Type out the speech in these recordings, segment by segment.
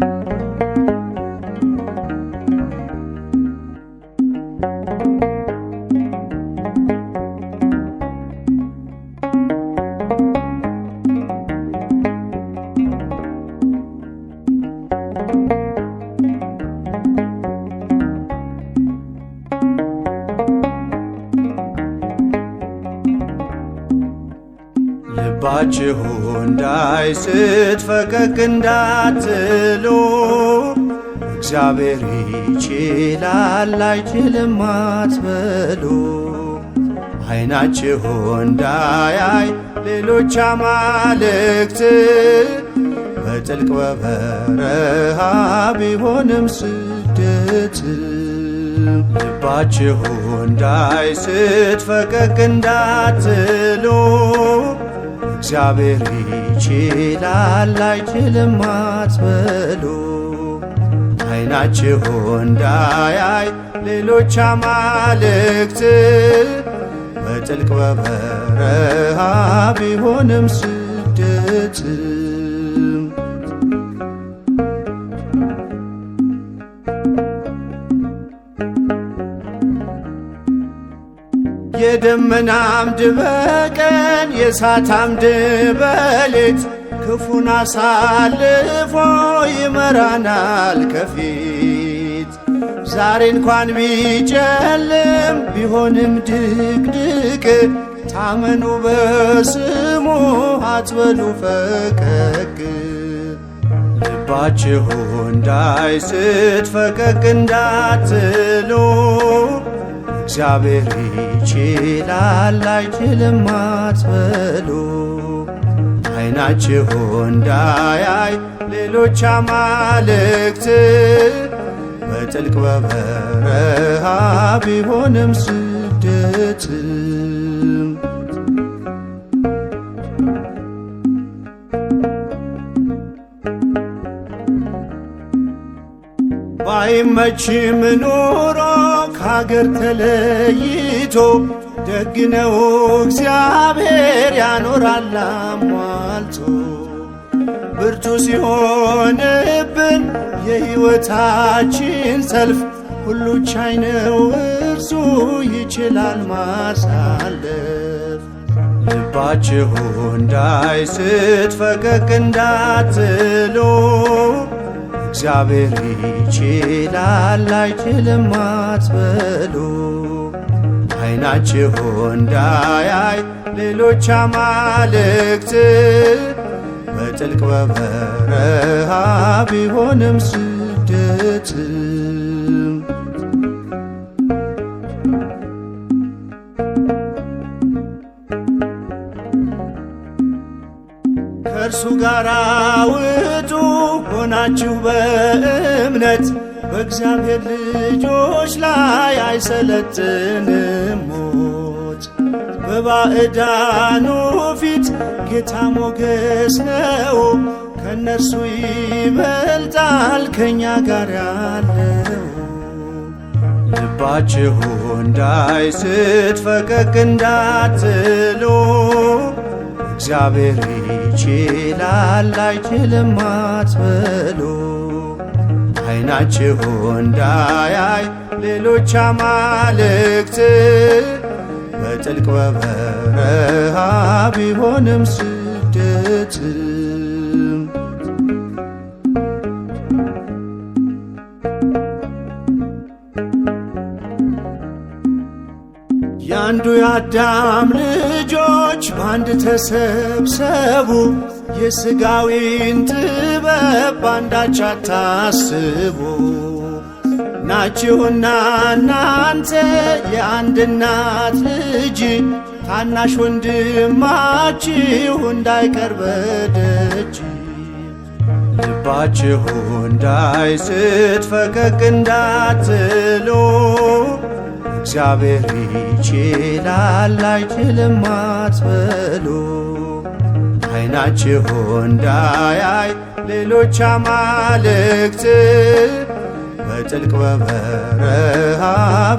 thank you ልባችሁ እንዳይስት ፈቀቅ እንዳትሉ እግዚአብሔር ይችላል አይችልም አትበሉ። አይናችሁ እንዳያይ ሌሎች አማልክት በጥልቅ በበረሃ ቢሆንም ስደት ልባችሁ እንዳይስት ፈቀቅ እንዳትሉ እግዚአብሔር ይችላል አይችልም አትበሉ። አይናችሁ እንዳያይ ሌሎች አማልክት በጥልቅ በበረሃ ቢሆንም ስደት የደመና አምድ በቀን የእሳት አምድ በሌት ክፉን አሳልፎ ይመራናል ከፊት። ዛሬ እንኳን ቢጨልም ቢሆንም ድቅድቅ ታመኑ በስሙ አትበሉ ፈቀቅ። ልባችሁ እንዳይስት ፈቀቅ እንዳትሉ እግዚአብሔር ይችላል አይችልም አትበሉ። አይናችሁ እንዳያይ ሌሎች አማልክት በጥልቅ በበረሃ ቢሆንም ስደት ባይመችም ኑሮ ከአገር ተለይቶ ደግነው እግዚአብሔር ያኖራል አሟልቶ ብርቱ ሲሆንብን የሕይወታችን ሰልፍ ሁሉ ቻይ ነው እርሱ ይችላል ማሳለፍ። ልባችሁ እንዳይስት ፈቀቅ እንዳትሉ እግዚአብሔር ይችላል አይችልም አትበሉ። አይናችሁ እንዳያይ ሌሎች አማልክት በጥልቅ በበረሃ ቢሆንም ስደት ከእርሱ ጋር ውጡ ሆናችሁ በእምነት በእግዚአብሔር ልጆች ላይ አይሰለጥንም ሞት። በባዕዳኑ ፊት ጌታ ሞገስ ነው፣ ከእነርሱ ይበልጣል ከእኛ ጋር ያለው። ልባችሁ እንዳይስት ፈቀቅ እንዳትሉ እግዚአብሔር ይችላል አይችልም አትበሉ። አይናችሁ እንዳያይ ሌሎች አማልክት በጥልቅ በበረሃ ቢሆንም ስደት የአዳም ልጆች በአንድ ተሰብሰቡ፣ የሥጋዊን ጥበብ በአንዳች አታስቡ። ናችሁና እናንተ የአንድ እናት ልጅ ታናሽ ወንድማችሁ እንዳይቀር በደጅ ልባችሁ እንዳይስት ፈቀቅ እንዳትሉ እግዚአብሔር ይችላል አይችልም አትበሉ። አይናችሁ እንዳያይ ሌሎች አማልክት በጥልቅ በበረሃ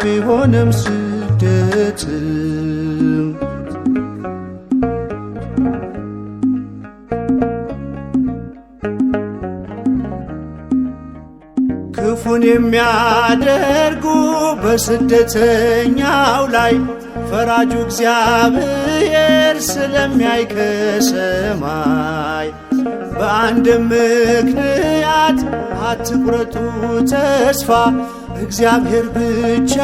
ቢሆንም ክፉን የሚያደርጉ በስደተኛው ላይ ፈራጁ እግዚአብሔር ስለሚያይ ከሰማይ በአንድ ምክንያት አትቁረጡ ተስፋ እግዚአብሔር ብቻ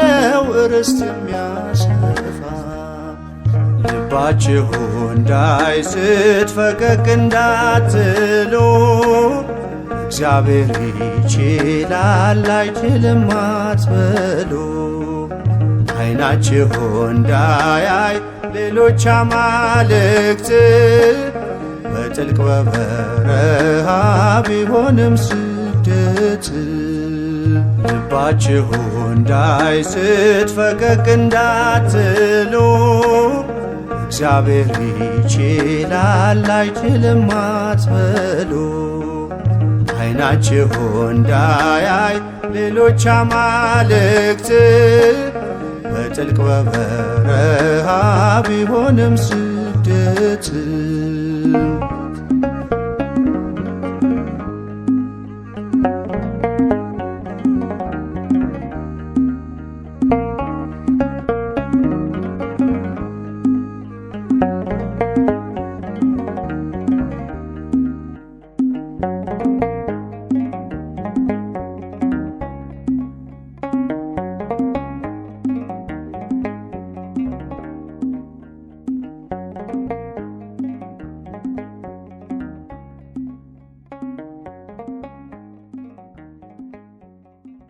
ነው ርስት የሚያሰፋ። ልባችሁ እንዳይስት ፈቀቅ እንዳትሉ እግዚአብሔር ይችላል አይችልም አትበሉ። አይናችሁ እንዳያይ ሌሎች አማልክት በጥልቅ በበረሃ ቢሆንም ስደት ልባችሁ እንዳይስት ፈቀቅ እንዳትሉ እግዚአብሔር ይችላል አይችልም አትበሉ። አይናችሁ እንዳያይ ሌሎች አማልክት በጥልቅ በበረሃ ቢሆንም ስደት